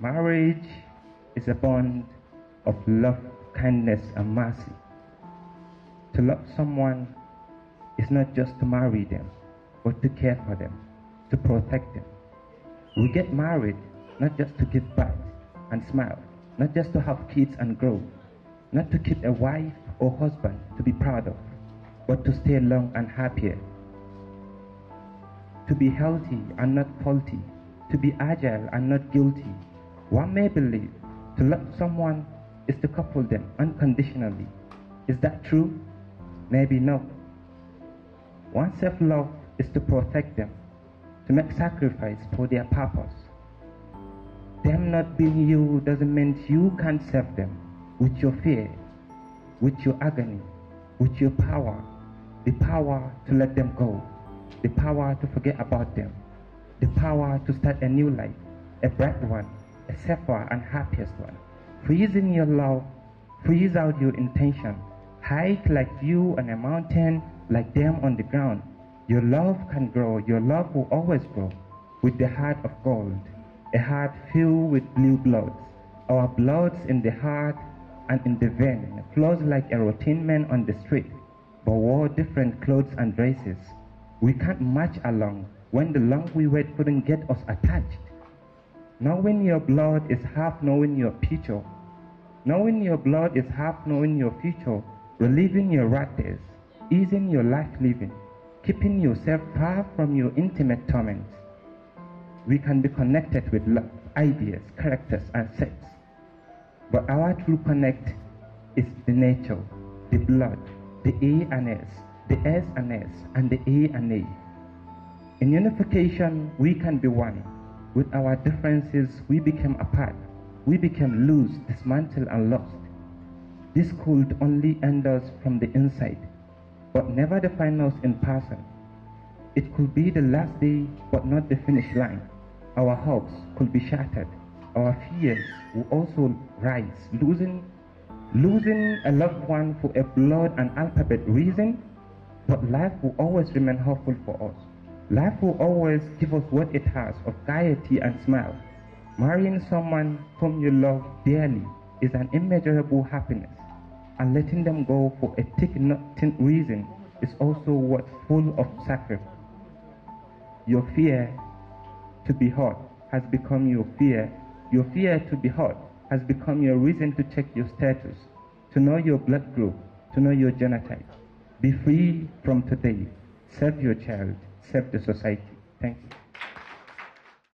Marriage is a bond of love, kindness, and mercy. To love someone is not just to marry them, but to care for them, to protect them. We get married not just to give birth and smile, not just to have kids and grow, not to keep a wife or husband to be proud of, but to stay long and happier. To be healthy and not faulty, to be agile and not guilty, one may believe to love someone is to couple them unconditionally. Is that true? Maybe no. One self love is to protect them, to make sacrifice for their purpose. Them not being you doesn't mean you can't serve them with your fear, with your agony, with your power, the power to let them go, the power to forget about them, the power to start a new life, a bright one, Except for unhappiest one. Freeze in your love, freeze out your intention. Hike like you on a mountain, like them on the ground. Your love can grow, your love will always grow with the heart of gold, a heart filled with blue bloods. Our bloods in the heart and in the vein flows like a routine man on the street, but wore different clothes and dresses. We can't march along when the long we wait couldn't get us attached. Knowing your blood is half knowing your future. Knowing your blood is half knowing your future, relieving your wrath, easing your life living, keeping yourself far from your intimate torments. We can be connected with ideas, characters, and sets. But our true connect is the nature, the blood, the A and S, the S and S, and the A and A. In unification, we can be one. With our differences, we became apart. We became loose, dismantled, and lost. This could only end us from the inside, but never define us in person. It could be the last day, but not the finish line. Our hopes could be shattered. Our fears will also rise, losing, losing a loved one for a blood and alphabet reason, but life will always remain hopeful for us. Life will always give us what it has of gaiety and smile. Marrying someone whom you love dearly is an immeasurable happiness, and letting them go for a tick nothing reason is also what full of sacrifice. Your fear to be hurt has become your fear. Your fear to be hurt has become your reason to check your status, to know your blood group, to know your genotype. Be free from today. Serve your child. Accept the society. Thank you.